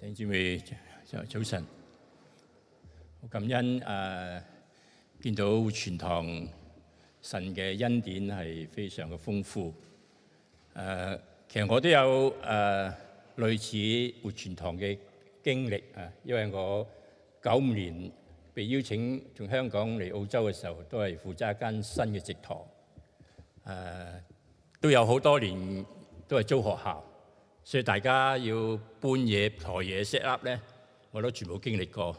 弟兄姊妹，早早晨，我感恩，誒，見到全堂神嘅恩典係非常嘅豐富。誒，其實我都有誒類似活全堂嘅經歷啊，因為我九五年被邀請從香港嚟澳洲嘅時候，都係負責一間新嘅植堂。誒，都有好多年都係租學校。所以大家要搬嘢抬嘢 set up 咧，我都全部經歷過。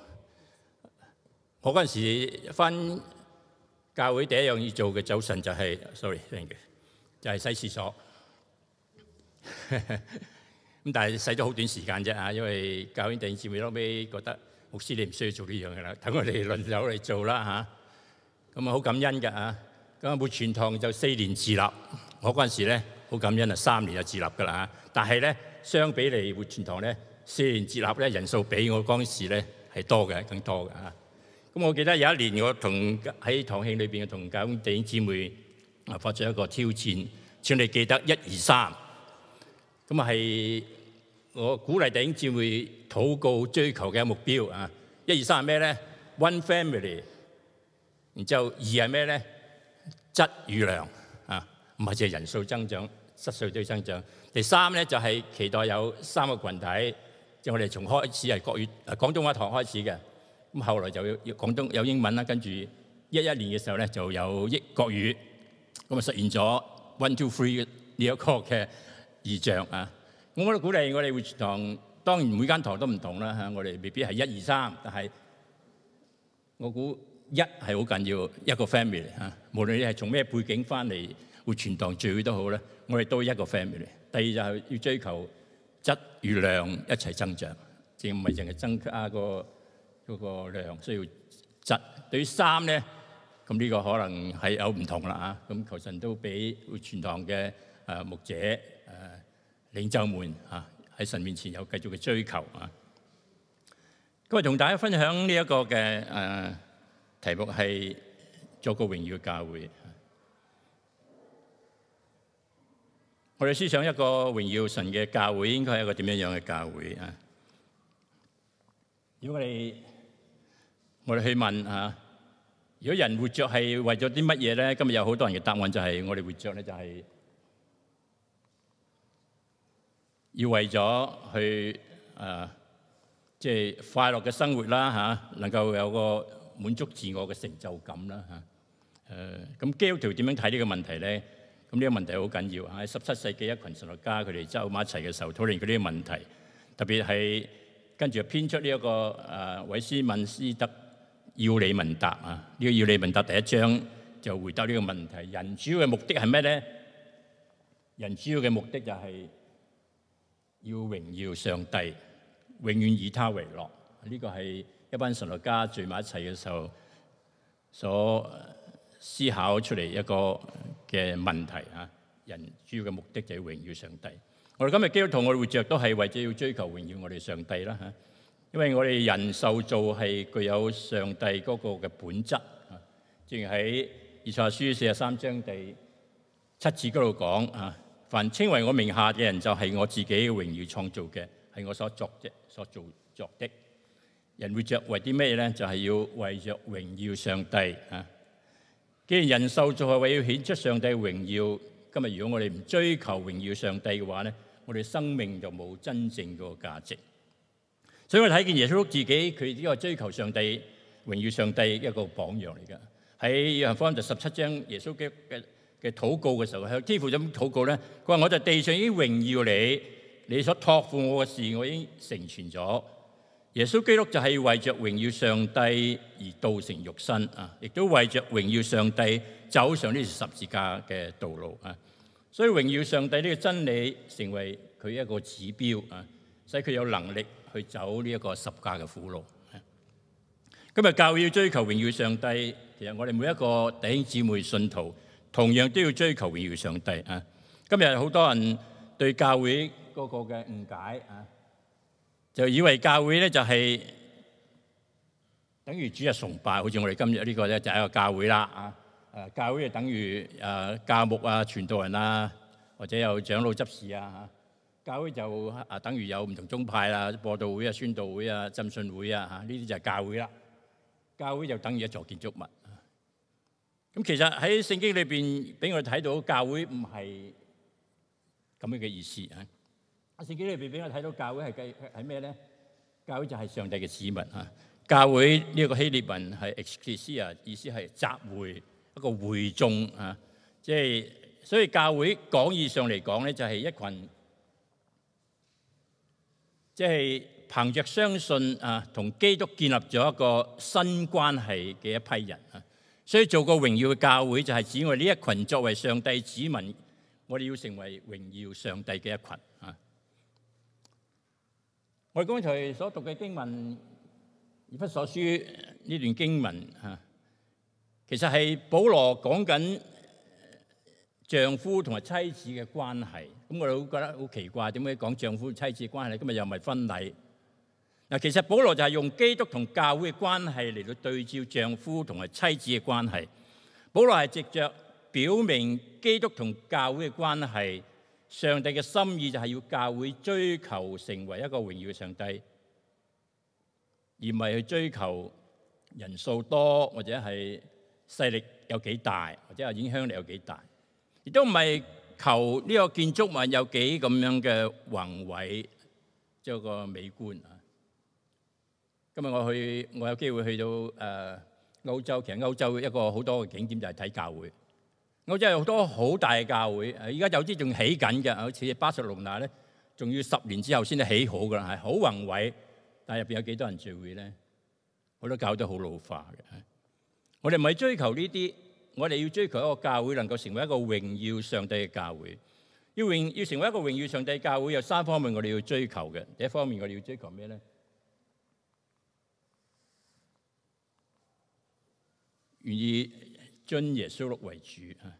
我嗰陣時翻教會第一樣要做嘅早晨就係，sorrythank you，就係洗廁所。咁但係洗咗好短時間啫啊，因為教員第二次咪收尾覺得牧師你唔需要做呢樣嘅啦，等我哋輪流嚟做啦嚇。咁啊好感恩㗎啊，咁啊活泉堂就四年自立，我嗰陣時咧。好感恩啊！三年就自立噶啦嚇，但係咧相比嚟活泉堂咧，四年自立咧人數比我嗰陣時咧係多嘅，更多嘅嚇。咁我記得有一年我同喺堂慶裏邊嘅同教會弟兄姊妹啊發出一個挑戰，請你記得一二三。咁係我鼓勵弟兄姊妹禱告追求嘅目標啊！一二三係咩咧？One family。然之後二係咩咧？質與量啊，唔係就係人數增長。十歲都要增長。第三咧就係期待有三個羣體，即係我哋從開始係國語啊廣東話堂開始嘅，咁後來就有廣東有英文啦，跟住一一年嘅時候咧就有益國語，咁啊實現咗 one two three 呢一個嘅異象啊！我我都鼓勵我哋會傳堂，當然每間堂都唔同啦嚇。我哋未必係一二三，但係我估一係好緊要一個 family 嚇，無論你係從咩背景翻嚟會傳堂聚聚都好咧。我哋都係一個 family。第二就係要追求質與量一齊增長，而唔係淨係增加個嗰個量需要質。對於三咧，咁呢個可能係有唔同啦嚇。咁求神都俾全堂嘅誒牧者誒領袖們嚇喺神面前有繼續嘅追求啊。今日同大家分享呢一個嘅誒題目係作個榮耀嘅教會。我哋思想一個榮耀神嘅教會，應該係一個點樣樣嘅教會啊？如果我哋，我哋去問吓，如果人活着係為咗啲乜嘢咧？今日有好多人嘅答案就係，我哋活着咧就係要為咗去誒，即係快樂嘅生活啦吓，能夠有個滿足自我嘅成就感啦吓。誒，咁基督徒點樣睇呢個問題咧？咁呢個問題好緊要，喺十七世紀一羣神學家佢哋聚埋一齊嘅時候討論過呢個問題，特別係跟住又編出呢一個誒韋斯敏斯特要理問答啊！呢個要理問答第一章就回答呢個問題：人主要嘅目的係咩咧？人主要嘅目的就係要榮耀上帝，永遠以他為樂。呢個係一班神學家聚埋一齊嘅時候所思考出嚟一個。嘅問題啊，人主要嘅目的就係榮耀上帝。我哋今日基督徒我哋活着都係為著要追求榮耀我哋上帝啦嚇，因為我哋人受造係具有上帝嗰個嘅本質啊。正如喺以賽亞書四十三章第七節嗰度講啊，凡稱為我名下嘅人就係我自己嘅榮耀創造嘅，係我所作的所做作的。人活着為啲咩咧？就係要為著榮耀上帝啊。既然人受造係為要顯出上帝榮耀，今日如果我哋唔追求榮耀上帝嘅話咧，我哋生命就冇真正嘅價值。所以我睇見耶穌自己，佢呢個追求上帝榮耀上帝一個榜樣嚟噶。喺約翰福音第十七章耶穌基督嘅嘅禱告嘅時候，喺天父點禱告咧？佢話我在地上已經榮耀你，你所託付我嘅事，我已經成全咗。耶穌基督就係為着榮耀上帝而道成肉身啊，亦都為着榮耀上帝走上呢十字架嘅道路啊。所以榮耀上帝呢個真理成為佢一個指標啊，使佢有能力去走呢一個十架嘅苦路。今日教會要追求榮耀上帝，其實我哋每一個弟兄姊妹信徒同樣都要追求榮耀上帝啊。今日好多人對教會嗰個嘅誤解啊。就以為教會咧就係等於主日崇拜，好似我哋今日呢個咧就係一個教會啦啊！誒教會就等於誒教牧啊、傳道人啊，或者有長老執事啊。教會就誒等於有唔同宗派啊、播道會啊、宣道會啊、浸信會啊嚇，呢啲就係教會啦。教會就等於一座建築物。咁其實喺聖經裏邊俾我哋睇到教會唔係咁樣嘅意思啊。聖經裏邊俾我睇到教會係計係咩咧？教會就係上帝嘅子民啊！教會呢個希臘文係 ekklesia 啊，意思係集會，一個會眾啊。即係所以教會廣義上嚟講咧，就係一群即係憑着相信啊，同基督建立咗一個新關係嘅一批人啊。所以作個榮耀嘅教會就係指我呢一群作為上帝子民，我哋要成為榮耀上帝嘅一群啊。我哋剛才所讀嘅經文，以弗所書呢段經文啊，其實係保羅講緊丈夫同埋妻子嘅關係。咁我哋好覺得好奇怪，點解講丈夫妻子嘅關係？今日又唔係婚禮？嗱，其實保羅就係用基督同教會嘅關係嚟到對照丈夫同埋妻子嘅關係。保羅係藉着表明基督同教會嘅關係。上帝嘅心意就係要教會追求成為一個榮耀嘅上帝，而唔係去追求人數多或者係勢力有幾大，或者係影響力有幾大，亦都唔係求呢個建築物有幾咁樣嘅宏偉，即係個美觀啊！今日我去，我有機會去到誒歐洲，其實歐洲一個好多嘅景點就係睇教會。我真係好多好大嘅教會，而家有啲仲起緊嘅，好似巴塞隆那咧，仲要十年之後先至起好噶啦，係好宏偉，但係入邊有幾多人聚會咧？好多教都好老化嘅。我哋唔係追求呢啲，我哋要追求一個教會能夠成為一個榮耀上帝嘅教會。要榮要成為一個榮耀上帝教會，有三方面我哋要追求嘅。第一方面我哋要追求咩咧？願意。將耶穌為主啊，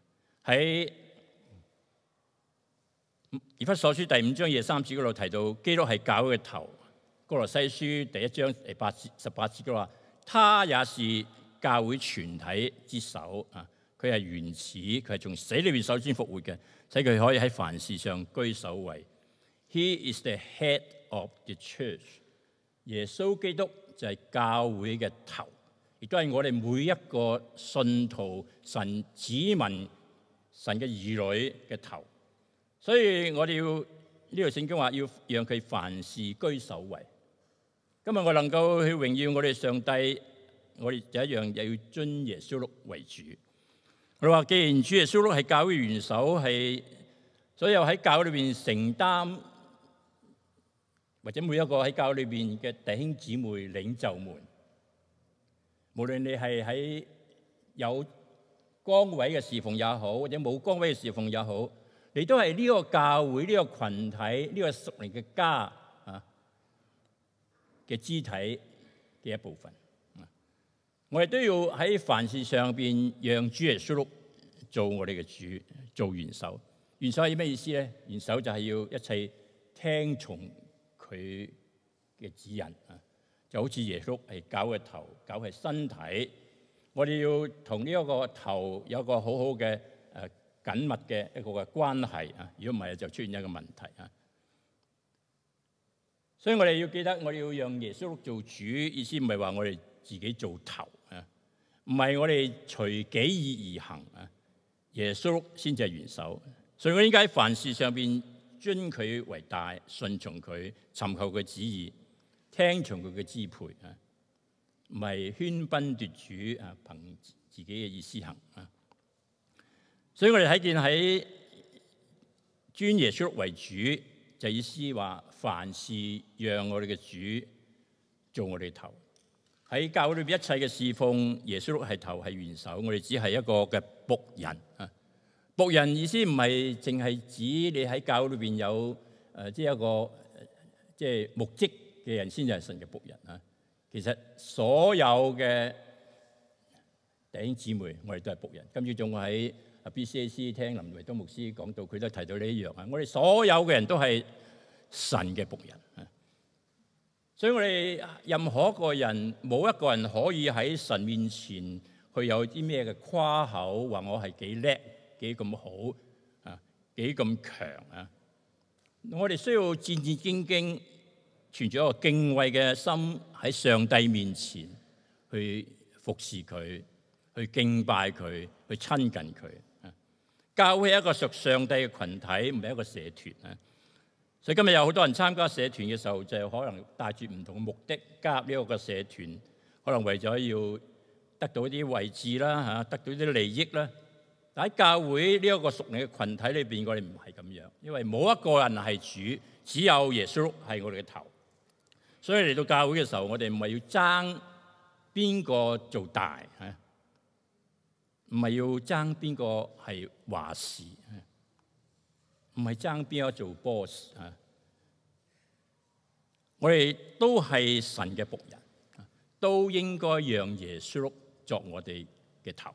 喺《以弗所書》第五章夜三節嗰度提到，基督係教會嘅頭。《哥羅西書》第一章第十八節嘅話，他也是教會全體之首啊！佢係原始，佢係從死裏邊首先復活嘅，使佢可以喺凡事上居首位。He is the head of the church。耶穌基督就係教會嘅頭。亦都係我哋每一個信徒、神子民、神嘅兒女嘅頭，所以我哋要呢道聖經話，要讓佢凡事居首位。今日我能夠去榮耀我哋上帝，我哋第一樣又要尊耶穌基督為主。我哋話既然主耶穌基督係教會元首，係所有喺教會裏邊承擔或者每一個喺教會裏邊嘅弟兄姊妹領袖們，無論你係喺有崗位嘅侍奉也好，或者冇崗位嘅侍奉也好，你都係呢個教會呢、呢個群體呢、呢個屬靈嘅家啊嘅肢體嘅一部分。我哋都要喺凡事上邊讓主耶穌做我哋嘅主，做元首。元首係咩意思咧？元首就係要一切聽從佢嘅指引。就好似耶穌係教會嘅頭，教會係身體，我哋要同呢一個頭有個好好嘅誒緊密嘅一個嘅關係啊！如果唔係就出現一個問題啊！所以我哋要記得，我哋要讓耶穌做主，意思唔係話我哋自己做頭啊，唔係我哋隨己意而行啊！耶穌先至係元首，所以我應該喺凡事上邊尊佢為大，順從佢，尋求佢旨意。聽從佢嘅支配啊，唔係喧賓奪主啊，憑自己嘅意思行啊。所以我哋睇見喺尊耶穌為主，就是、意思話，凡事讓我哋嘅主做我哋頭喺教會裏邊一切嘅侍奉，耶穌係頭係元首，我哋只係一個嘅僕人啊。僕人意思唔係淨係指你喺教會裏邊有誒、這個，即係一個即係目職。嘅人先至係神嘅僕人啊！其實所有嘅弟兄姊妹，我哋都係僕人。今朝仲喺啊 B.C.A.C. 聽林維東牧師講到，佢都提到呢一樣啊！我哋所有嘅人都係神嘅僕人啊！所以我哋任何一個人，冇一個人可以喺神面前，去有啲咩嘅誇口，話我係幾叻，幾咁好啊、幾咁強啊！我哋需要戰戰兢兢。存咗一個敬畏嘅心喺上帝面前，去服侍佢，去敬拜佢，去親近佢。啊，教會係一個屬上帝嘅群體，唔係一個社團啊。所以今日有好多人參加社團嘅時候，就可能帶住唔同嘅目的加入呢一個社團，可能為咗要得到一啲位置啦，嚇，得到一啲利益啦。但喺教會呢一個屬靈嘅群體裏邊，我哋唔係咁樣，因為冇一個人係主，只有耶穌係我哋嘅頭。所以嚟到教會嘅時候，我哋唔係要爭邊個做大吓，唔係要爭邊個係話事，唔係爭邊個做 boss 吓。我哋都係神嘅僕人，都應該讓耶穌作我哋嘅頭。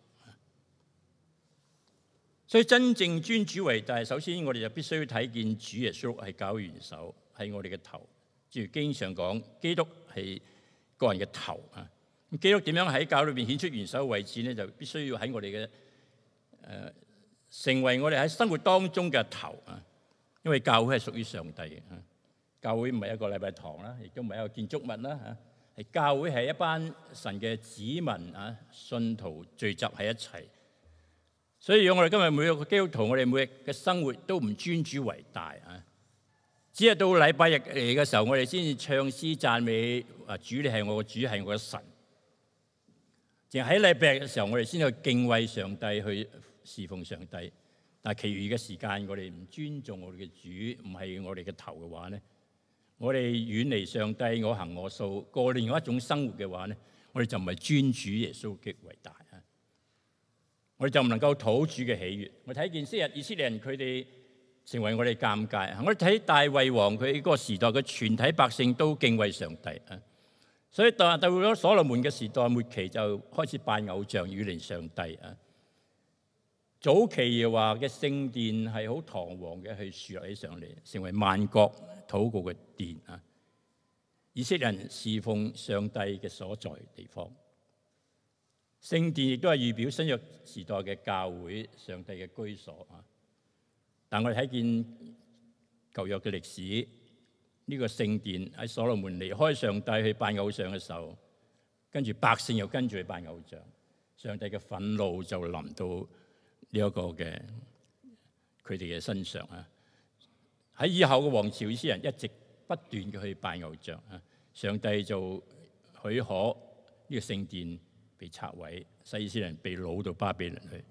所以真正尊主為大，首先我哋就必須要睇見主耶穌係教會元首，係我哋嘅頭。正如經常講基督係個人嘅頭啊！咁基督點樣喺教裏邊顯出元首嘅位置咧？就必須要喺我哋嘅誒成為我哋喺生活當中嘅頭啊！因為教會係屬於上帝嘅，教會唔係一個禮拜堂啦，亦都唔係一個建築物啦嚇。係教會係一班神嘅子民啊，信徒聚集喺一齊。所以我哋今日每個基督徒，我哋每日嘅生活都唔專主為大啊！只係到禮拜日嚟嘅時候，我哋先至唱詩讚美啊！主你係我嘅主，係我嘅神。淨喺禮拜日嘅時候，我哋先去敬畏上帝，去侍奉上帝。但係其餘嘅時間，我哋唔尊重我哋嘅主，唔係我哋嘅頭嘅話咧，我哋遠離上帝，我行我素，過另外一種生活嘅話咧，我哋就唔係尊主耶穌極為大啊！我哋就唔能夠討主嘅喜悅。我睇見昔日以色列人佢哋，成為我哋尷尬。我哋睇大衛王佢呢個時代嘅全體百姓都敬畏上帝啊。所以到到咗所羅門嘅時代末期，就開始拜偶像，遠離上帝啊。早期話嘅聖殿係好堂皇嘅，去樹立起上嚟，成為萬國禱告嘅殿啊。以色列人侍奉上帝嘅所在地方，聖殿亦都係預表新約時代嘅教會，上帝嘅居所啊。但我哋睇見舊約嘅歷史，呢個聖殿喺所羅門離開上帝去拜偶像嘅時候，跟住百姓又跟住去拜偶像，上帝嘅憤怒就臨到呢一個嘅佢哋嘅身上啊！喺以後嘅王朝，以色列人一直不斷嘅去拜偶像啊，上帝就許可呢個聖殿被拆毀，以色列人被擄到巴比倫去。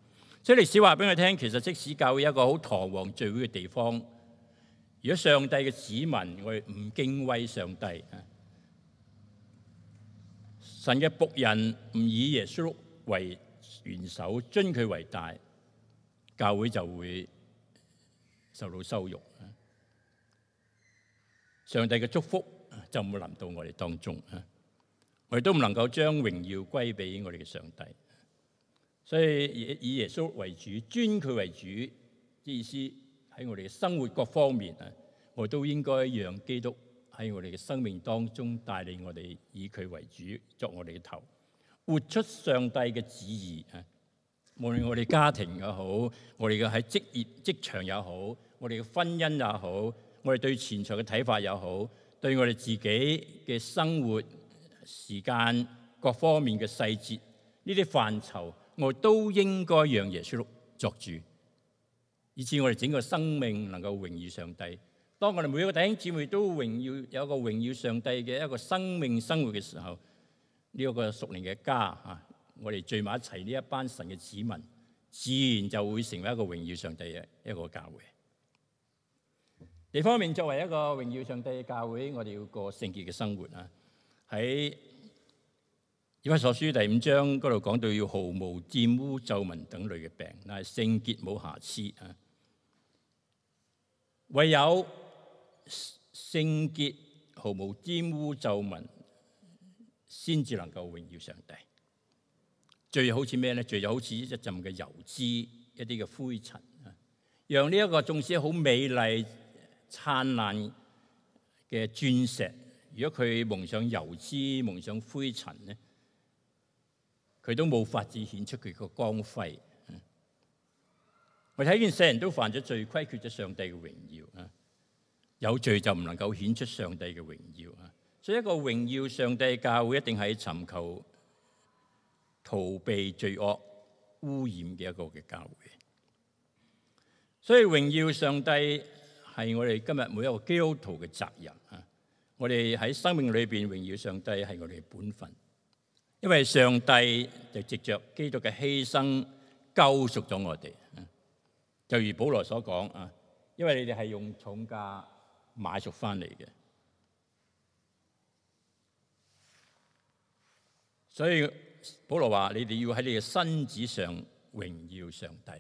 即係歷史話俾佢聽，其實即使教會有一個好堂皇聚會嘅地方，如果上帝嘅子民我哋唔敬畏上帝，神嘅僕人唔以耶穌為元首，尊佢為大，教會就會受到羞辱。上帝嘅祝福就唔會臨到我哋當中，我哋都唔能夠將榮耀歸俾我哋嘅上帝。所以以耶穌為主，尊佢為主，啲意思喺我哋嘅生活各方面啊，我都應該讓基督喺我哋嘅生命當中帶領我哋，以佢為主，作我哋嘅頭，活出上帝嘅旨意啊！無論我哋家庭又好，我哋嘅喺職業職場又好，我哋嘅婚姻也好，我哋對錢財嘅睇法又好，對我哋自己嘅生活時間各方面嘅細節呢啲範疇。我都應該讓耶穌作主，以至我哋整個生命能夠榮耀上帝。當我哋每個弟兄姊妹都榮耀有個榮耀上帝嘅一個生命生活嘅時候，呢一個屬靈嘅家啊，我哋聚埋一齊呢一班神嘅子民，自然就會成為一個榮耀上帝嘅一個教會。另一方面，作為一個榮耀上帝嘅教會，我哋要過聖潔嘅生活啊，喺《以弗所書》第五章嗰度講到要毫無沾污、皺紋等類嘅病，但係，聖潔冇瑕疵啊！唯有聖潔、毫無沾污咒、皺紋，先至能夠榮耀上帝。最好似咩咧？最好似一陣嘅油脂、一啲嘅灰塵啊！讓呢一個縱使好美麗、燦爛嘅鑽石，如果佢蒙上油脂、蒙上灰塵咧？佢都冇法子顯出佢嘅光輝。我睇見世人都犯咗罪，虧缺咗上帝嘅榮耀。有罪就唔能夠顯出上帝嘅榮耀。所以一個榮耀上帝嘅教會一定係尋求逃避罪惡污染嘅一個嘅教會。所以榮耀上帝係我哋今日每一個基督徒嘅責任。我哋喺生命裏邊榮耀上帝係我哋嘅本分。因為上帝就藉着基督嘅犧牲救贖咗我哋，就如保羅所講啊，因為你哋係用重價買贖翻嚟嘅,所以保羅話你哋要喺你嘅身子上榮耀上帝。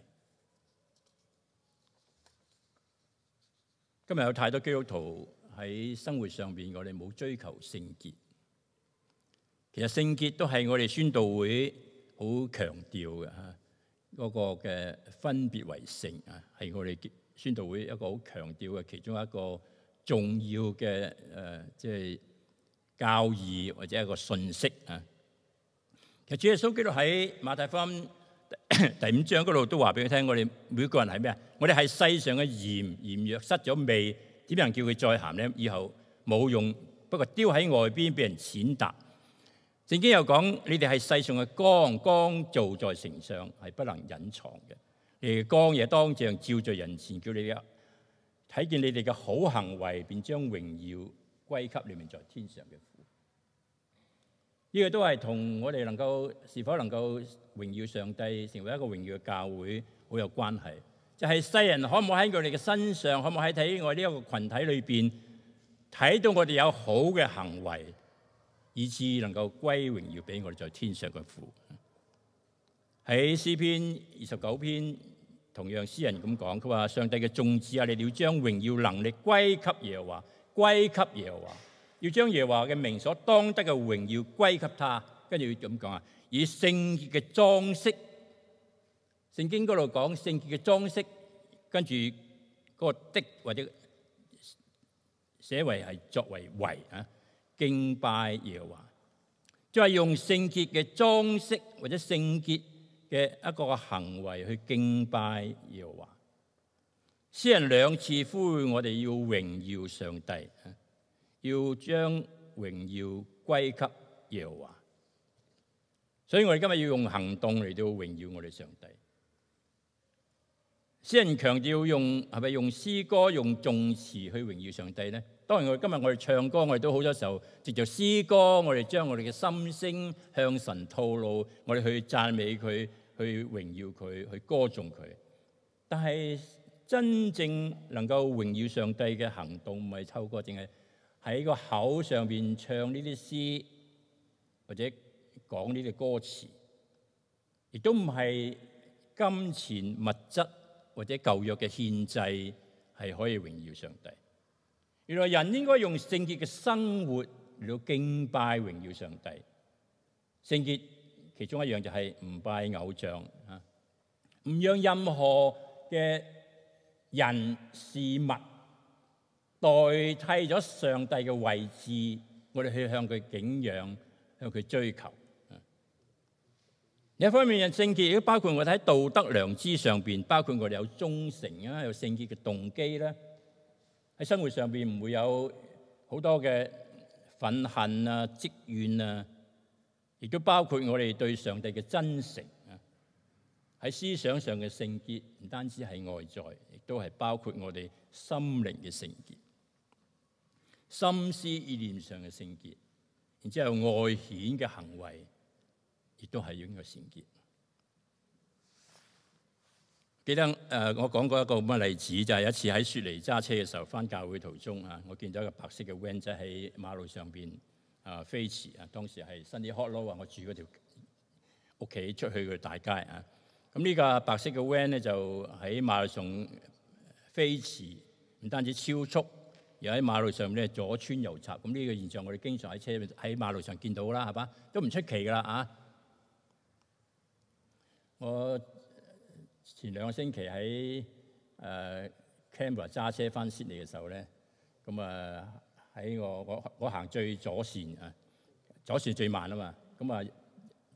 今日有太多基督徒喺生活上面，我哋冇追求聖潔。其實聖潔都係我哋宣道會好強調嘅吓，嗰、那個嘅分別為聖啊，係我哋宣道會一個好強調嘅其中一個重要嘅誒，即、呃、係、就是、教義或者一個信息啊。其實主耶穌基督喺馬太福音第五章嗰度都話俾佢聽，我哋每個人係咩啊？我哋係世上嘅鹽，鹽若失咗味，點樣叫佢再鹹咧？以後冇用，不過丟喺外邊俾人踐踏。正經又講，你哋係世上嘅光，光照在城上，係不能隱藏嘅。你哋嘅光嘢，當正照在人前，叫你哋睇見你哋嘅好行為，便將榮耀歸給你們在天上嘅父。呢、這個都係同我哋能夠是否能夠榮耀上帝，成為一個榮耀嘅教會，好有關係。就係、是、世人可唔可喺佢哋嘅身上，可唔可喺睇我呢一個群體裏邊，睇到我哋有好嘅行為？以致能夠歸榮耀俾我哋在天上嘅父。喺詩篇二十九篇，同樣詩人咁講，佢話上帝嘅眾子啊，你哋要將榮耀能力歸給耶和華，歸給耶和華，要將耶和華嘅名所當得嘅榮耀歸給他。跟住點講啊？以聖潔嘅裝飾，聖經嗰度講聖潔嘅裝飾，跟住個的或者寫為係作為為啊。敬拜耶和華，就係用聖潔嘅裝飾或者聖潔嘅一個行為去敬拜耶和華。先人兩次呼籲我哋要榮耀上帝，要將榮耀歸給耶和華。所以我哋今日要用行動嚟到榮耀我哋上帝。先強調用係咪用詩歌用頌詞去榮耀上帝咧？當然，我今日我哋唱歌，我哋都好多時候藉住詩歌，我哋將我哋嘅心聲向神吐露，我哋去讚美佢，去榮耀佢，去歌頌佢。但係真正能夠榮耀上帝嘅行動，唔係秋歌，淨係喺個口上邊唱呢啲詩，或者講呢啲歌詞，亦都唔係金錢物質。或者舊約嘅獻祭係可以榮耀上帝。原來人應該用聖潔嘅生活嚟到敬拜榮耀上帝。聖潔其中一樣就係唔拜偶像啊，唔讓任何嘅人事物代替咗上帝嘅位置，我哋去向佢敬仰，向佢追求。另一方面嘅聖潔亦都包括我哋喺道德良知上邊，包括我哋有忠誠啊，有聖潔嘅動機啦。喺生活上邊唔會有好多嘅憤恨啊、積怨啊，亦都包括我哋對上帝嘅真誠啊，喺思想上嘅聖潔唔單止係外在，亦都係包括我哋心靈嘅聖潔，心思意念上嘅聖潔，然之後外顯嘅行為。亦都係擁有善結。記得誒、呃，我講過一個咁嘅例子，就係、是、一次喺雪梨揸車嘅時候，返教會途中啊，我見到一個白色嘅 van 仔喺馬路上邊啊、呃、飛馳啊。當時係新啲 hot 路啊，我住嗰條屋企出去嘅大街啊。咁呢個白色嘅 van 咧就喺馬路上飛馳，唔單止超速，又喺馬路上面咧左穿右插。咁呢個現象我哋經常喺車喺馬路上見到啦，係嘛都唔出奇㗎啦啊！我前兩個星期喺誒 Canberra 揸車翻悉尼嘅時候咧，咁啊喺我我我行最左線啊，左線最慢啊嘛，咁啊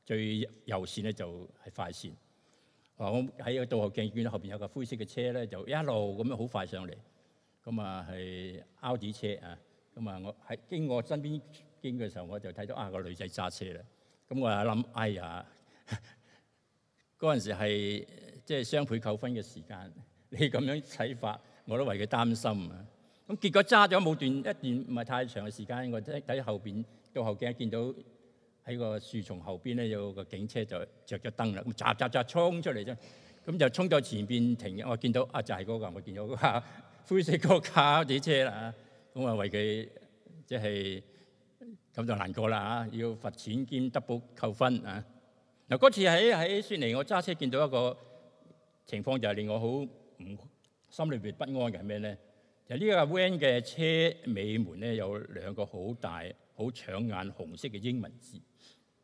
最右線咧就係快線。我喺個倒後鏡遠後邊有架灰色嘅車咧，就一路咁樣好快上嚟，咁啊係 Audi 車啊，咁啊我喺經過身邊經過嘅時候，我就睇到啊個女仔揸車啦，咁我啊諗哎呀～嗰陣時係即係雙倍扣分嘅時間，你咁樣睇法，我都為佢擔心啊！咁結果揸咗冇段一段唔係太長嘅時間，我睇睇後邊到後鏡，見到喺個樹叢後邊咧有個警車就著咗燈啦，咁雜雜雜衝出嚟咗，咁就衝到前邊停。我見到啊就係嗰個，我見到個灰色嗰架子車啦，咁啊為佢即係咁就難過啦嚇，要罰錢兼 double 扣分啊！嗱嗰次喺喺雪尼，我揸車見到一個情況就係令我好唔心裏邊不安嘅係咩咧？就呢、是、架 van 嘅車尾門咧有兩個好大、好搶眼紅色嘅英文字，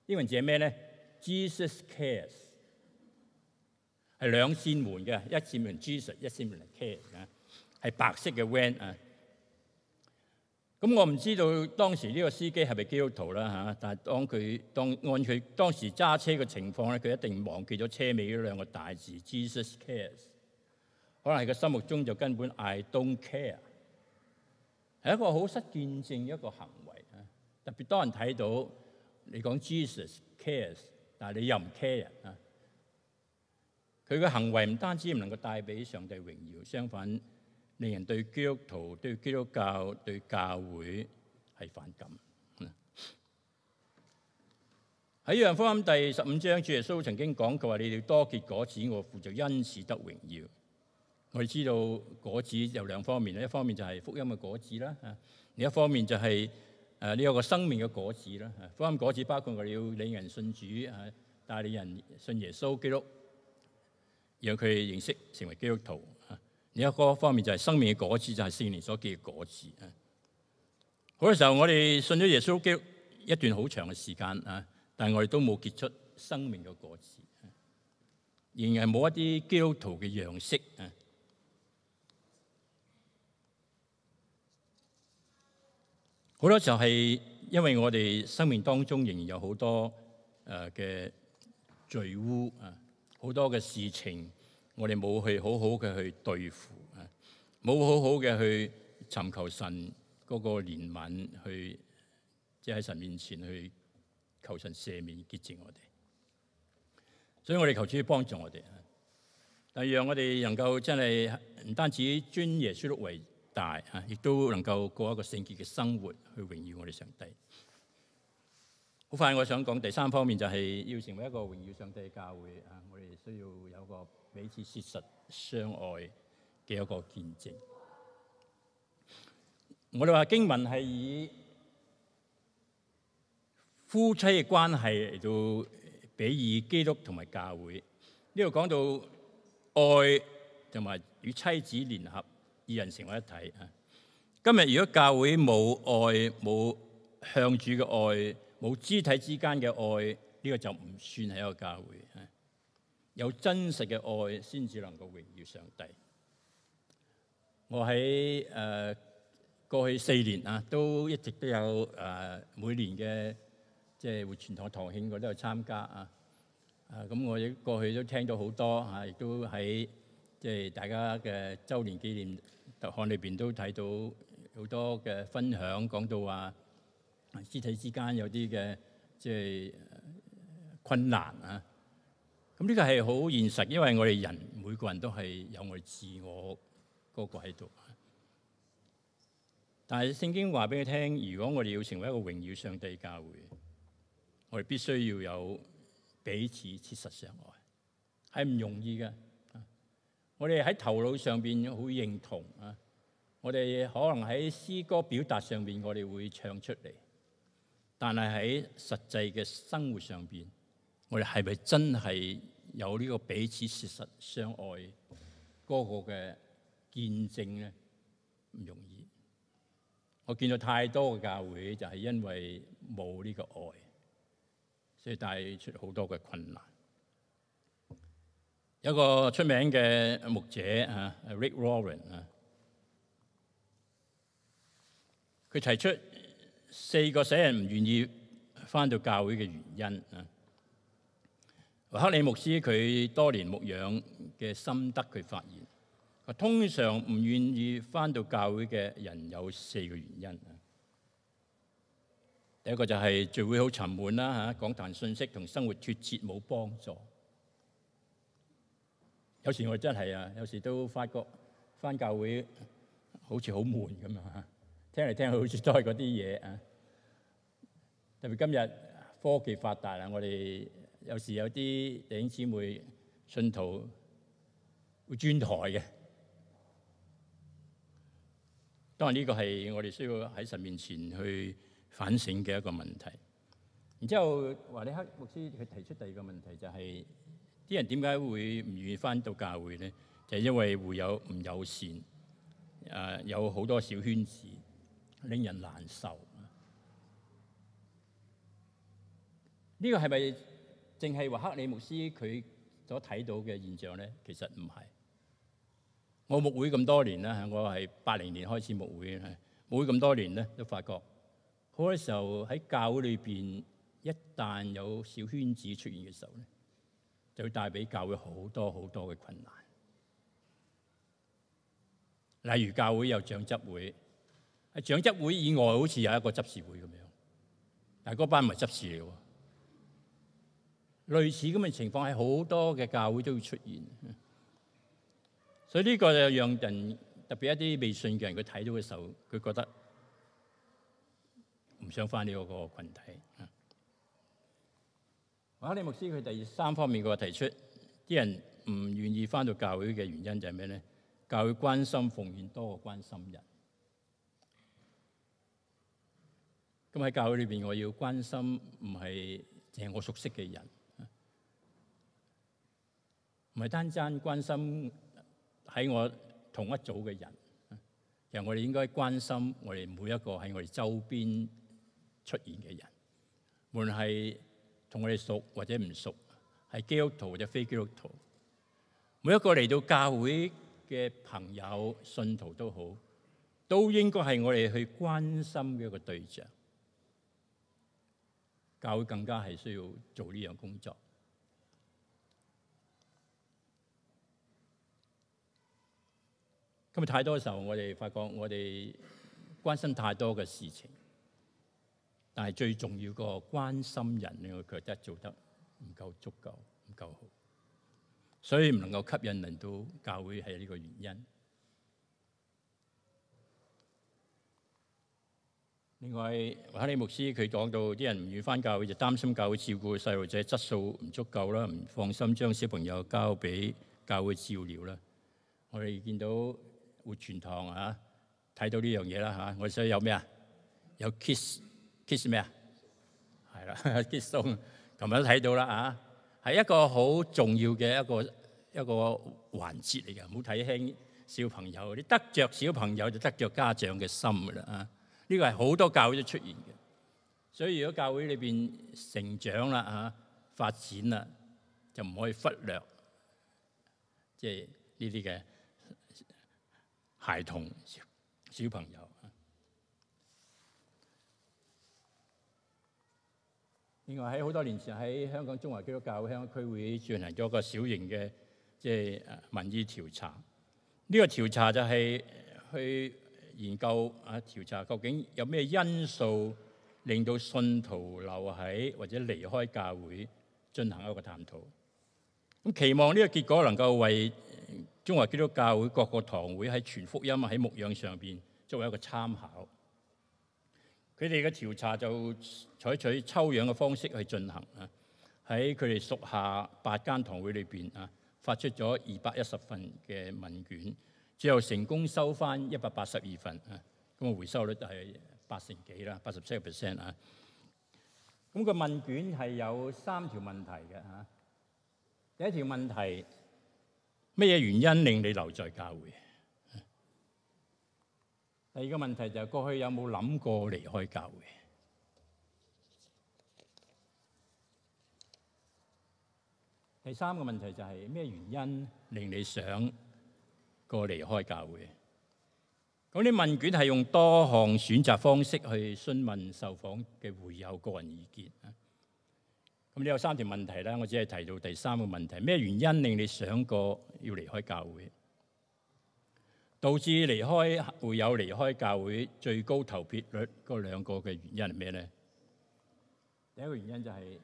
英文字係咩咧？Jesus cares 係兩扇門嘅，一扇門係 Jesus，一扇門係 care 啊，係白色嘅 van 啊。咁我唔知道當時呢個司機係咪基督徒啦嚇，但係當佢當按佢當時揸車嘅情況咧，佢一定忘記咗車尾嗰兩個大字 Jesus cares，可能喺佢心目中就根本 I don't care，係一個好失見證一個行為啊！特別當人睇到你講 Jesus cares，但係你又唔 care 啊，佢嘅行為唔單止唔能夠帶俾上帝榮耀，相反。令人對基督徒、對基督教、對教會係反感。喺《約翰福音》第十五章，主耶穌曾經講，佢話你哋多結果子，我負責因此得榮耀。我哋知道果子有兩方面，一方面就係福音嘅果子啦，另一方面就係誒呢個個生命嘅果子啦。福音果子包括我哋要令人信主，啊，帶領人信耶穌基督，讓佢認識成為基督徒。另一個方面就係生命嘅果子，就係、是、四年所結嘅果子啊！好多時候我哋信咗耶穌基督一段好長嘅時間啊，但係我哋都冇結出生命嘅果子，仍然係冇一啲基督徒嘅樣式啊！好多時候係因為我哋生命當中仍然有好多誒嘅罪污啊，好多嘅事情。我哋冇去好好嘅去對付啊，冇好好嘅去尋求神嗰個憐憫，去即係喺神面前去求神赦免、潔淨我哋。所以我哋求主幫助我哋啊，但讓我哋能夠真係唔單止尊耶穌基督為大啊，亦都能夠過一個聖潔嘅生活去榮耀我哋上帝。好快，我想講第三方面就係要成為一個榮耀上帝嘅教會啊！我哋需要有個彼此切實相愛嘅一個見證。我哋話經文係以夫妻嘅關係嚟到比喻基督同埋教會。呢度講到愛同埋與妻子聯合，二人成為一體啊！今日如果教會冇愛，冇向主嘅愛。冇肢體之間嘅愛，呢個就唔算係一個教會。有真實嘅愛，先至能夠榮耀上帝。我喺誒過去四年啊，都一直都有誒每年嘅即係活傳統堂慶，我都有參加啊。啊咁，我過去都聽到好多啊，亦都喺即係大家嘅周年紀念特刊裏邊都睇到好多嘅分享，講到話，肢體之間有啲嘅即係困難啊！咁呢個係好現實，因為我哋人每個人都係有我自我嗰個喺度。但係聖經話俾你聽，如果我哋要成為一個榮耀上帝教會，我哋必須要有彼此切實相愛，係唔容易嘅。我哋喺頭腦上邊好認同啊！我哋可能喺詩歌表達上邊，我哋會唱出嚟。但係喺實際嘅生活上邊，我哋係咪真係有呢個彼此事實相愛嗰個嘅見證咧？唔容易。我見到太多嘅教會就係因為冇呢個愛，所以帶出好多嘅困難。有個出名嘅牧者啊，Rick Warren 啊，佢提出。四個死人唔願意翻到教會嘅原因啊！克里牧師佢多年牧養嘅心得，佢發現佢通常唔願意翻到教會嘅人有四個原因啊！第一個就係聚會好沉悶啦嚇，講壇信息同生活脫節冇幫助。有時我真係啊，有時都發覺翻教會好似好悶咁啊！聽嚟聽去好似都係啲嘢啊！特別今日科技發達啦，我哋有時有啲弟兄姊妹信徒會轉台嘅。當然呢個係我哋需要喺神面前去反省嘅一個問題。然之後華理克牧師佢提出第二個問題就係：啲人點解會唔願意返到教會咧？就係因為會有唔友善，啊有好多小圈子。令人難受。呢個係咪淨係話克里姆斯佢所睇到嘅現象咧？其實唔係。我牧會咁多年啦，我係八零年開始牧會嘅。牧會咁多年咧，都發覺好多時候喺教會裏邊，一旦有小圈子出現嘅時候咧，就會帶俾教會好多好多嘅困難。例如教會有長執會。係長執會以外，好似有一個執事會咁樣，但係嗰班唔係執事嚟喎。類似咁嘅情況喺好多嘅教會都會出現，所以呢個就讓人特別一啲未信嘅人佢睇到嘅時候，佢覺得唔想返呢個個羣體。阿李牧師佢第三方面嘅提出，啲人唔願意返到教會嘅原因就係咩咧？教會關心奉獻多過關心人。咁喺教會裏邊，我要關心唔係淨係我熟悉嘅人，唔係單單關心喺我同一組嘅人。其實我哋應該關心我哋每一個喺我哋周邊出現嘅人，無論係同我哋熟或者唔熟，係基督徒或者非基督徒，每一個嚟到教會嘅朋友、信徒都好，都應該係我哋去關心嘅一個對象。教會更加係需要做呢樣工作。今日太多時候，我哋發覺我哋關心太多嘅事情，但係最重要個關心人嘅，我覺得做得唔夠足夠，唔夠好，所以唔能夠吸引人到教會係呢個原因。另外，哈利牧師佢講到啲人唔願翻教會，就擔心教會照顧細路仔質素唔足夠啦，唔放心將小朋友交俾教會照料啦。我哋見到活泉堂啊，睇到呢樣嘢啦吓，我哋所以有咩啊？有 kiss，kiss 咩啊？係啦，kiss 送，琴日都睇到啦啊，係一個好重要嘅一個一個環節嚟噶，唔好睇輕小朋友，你得著小朋友就得著家長嘅心噶啦啊。呢個係好多教會都出現嘅，所以如果教會裏邊成長啦、吓發展啦，就唔可以忽略，即係呢啲嘅孩童小小朋友。另外喺好多年前喺香港中華基督教會香港區會進行咗個小型嘅，即係民意調查。呢個調查就係去。研究啊，調查究竟有咩因素令到信徒留喺或者離開教會，進行一個探討。咁期望呢個結果能夠為中華基督教會各個堂會喺傳福音啊、喺牧養上邊作為一個參考。佢哋嘅調查就採取抽樣嘅方式去進行啊，喺佢哋屬下八間堂會裏邊啊，發出咗二百一十份嘅問卷。之後成功收翻一百八十二份啊，咁個回收率係八成幾啦，八十七個 percent 啊。咁個問卷係有三條問題嘅吓，第一條問題，咩嘢原因令你留在教會？第二個問題就係過去有冇諗過離開教會？第三個問題就係咩原因令你想？過離開教會，咁啲問卷係用多項選擇方式去詢問受訪嘅會友個人意見。咁你有三條問題啦，我只係提到第三個問題：咩原因令你想過要離開教會？導致離開會友離開教會最高投票率嗰兩個嘅原因係咩咧？第一個原因就係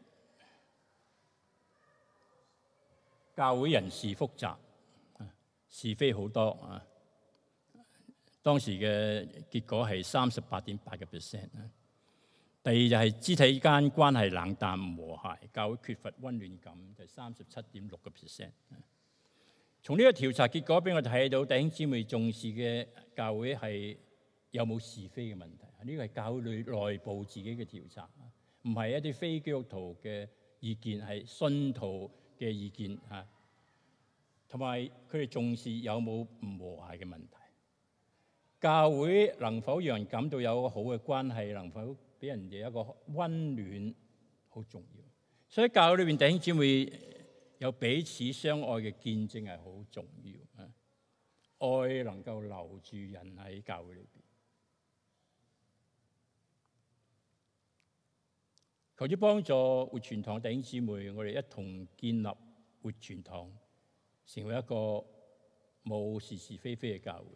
教會人事複雜。是非好多啊！當時嘅結果係三十八點八個 percent。第二就係肢體間關係冷淡唔和諧，教會缺乏温暖感就，就三十七點六個 percent。從呢個調查結果，俾我睇到弟兄姊妹重視嘅教會係有冇是非嘅問題。呢個係教會內部自己嘅調查，唔係一啲非基督徒嘅意見，係信徒嘅意見嚇。同埋佢哋重視有冇唔和諧嘅問題。教會能否讓人感到有個好嘅關係？能否俾人哋一個温暖？好重要。所以教會裏邊弟兄姊妹有彼此相愛嘅見證係好重要啊！愛能夠留住人喺教會裏邊。求主幫助活泉堂弟兄姊妹，我哋一同建立活泉堂。成為一個冇是是非非嘅教會，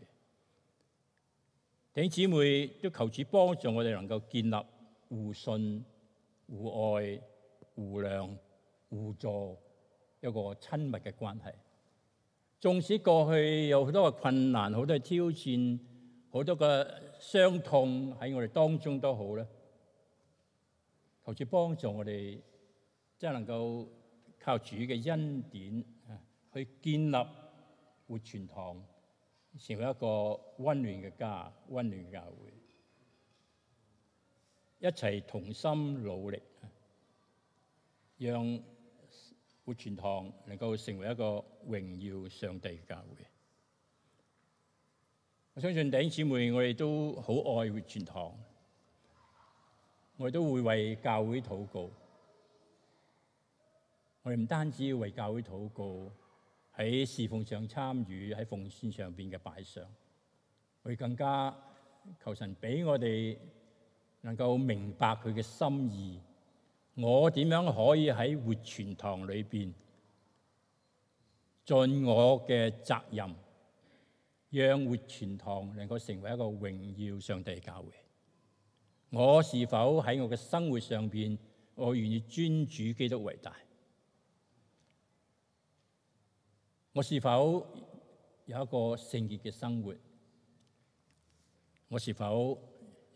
弟兄姊妹都求主幫助我哋能夠建立互信、互愛、互諒、互助一個親密嘅關係。縱使過去有好多嘅困難、好多嘅挑戰、好多嘅傷痛喺我哋當中都好啦，求主幫助我哋，真係能夠靠主嘅恩典啊！去建立活泉堂，成為一個溫暖嘅家、溫暖嘅教會，一齊同心努力，讓活泉堂能夠成為一個榮耀上帝嘅教會。我相信弟兄姊妹，我哋都好愛活泉堂，我哋都會為教會禱告，我哋唔單止要為教會禱告。喺侍奉上參與，喺奉獻上邊嘅擺上，佢更加求神俾我哋能夠明白佢嘅心意。我點樣可以喺活泉堂裏面盡我嘅責任，讓活泉堂能夠成為一個榮耀上帝教會？我是否喺我嘅生活上面，我願意尊主基督為大？我是否有一個聖潔嘅生活？我是否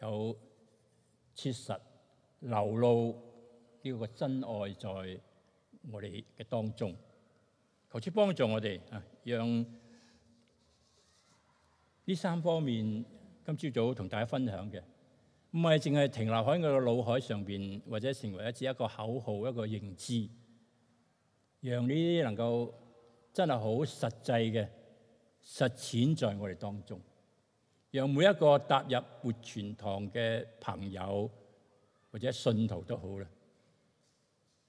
有切實流露呢個真愛在我哋嘅當中？求主幫助我哋啊，讓呢三方面今朝早同大家分享嘅唔係淨係停留喺我嘅腦海上邊，或者成為一隻一個口號一個認知，讓呢啲能夠。真係好實際嘅實踐，在我哋當中，讓每一個踏入活泉堂嘅朋友或者信徒都好啦，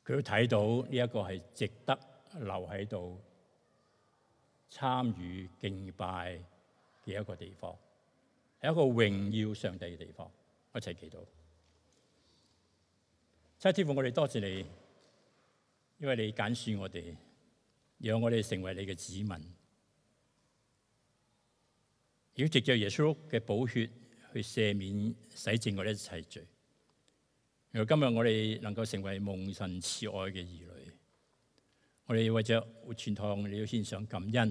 佢都睇到呢一個係值得留喺度參與敬拜嘅一個地方，係一個榮耀上帝嘅地方。一齊祈禱，天父，我哋多謝你，因為你揀選我哋。讓我哋成為你嘅子民，如果藉着耶穌嘅寶血去赦免洗淨我哋一切罪，然後今日我哋能夠成為蒙神慈愛嘅兒女，我哋為着活全堂要獻上感恩，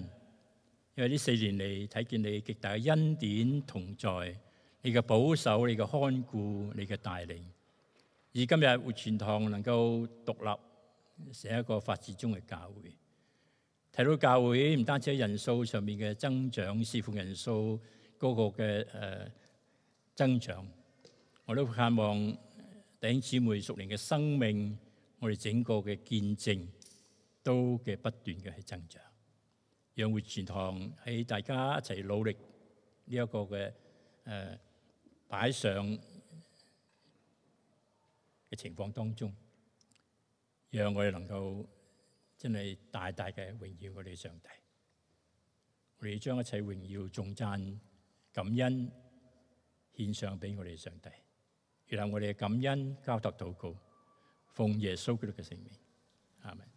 因為呢四年嚟睇見你極大嘅恩典同在，你嘅保守、你嘅看顧、你嘅帶領，而今日活全堂能夠獨立，成一個法治中嘅教會。睇到教會唔單止喺人數上面嘅增長，視乎人數嗰個嘅誒增長，我都盼望弟兄姊妹屬靈嘅生命，我哋整個嘅見證都嘅不斷嘅係增長，讓活泉堂喺大家一齊努力呢一個嘅誒擺上嘅情況當中，讓我哋能夠。真係大大嘅榮耀我哋上帝，我哋將一切榮耀、頌讚、感恩獻上俾我哋上帝。然後我哋感恩交託禱告，奉耶穌基督嘅聖名，阿門。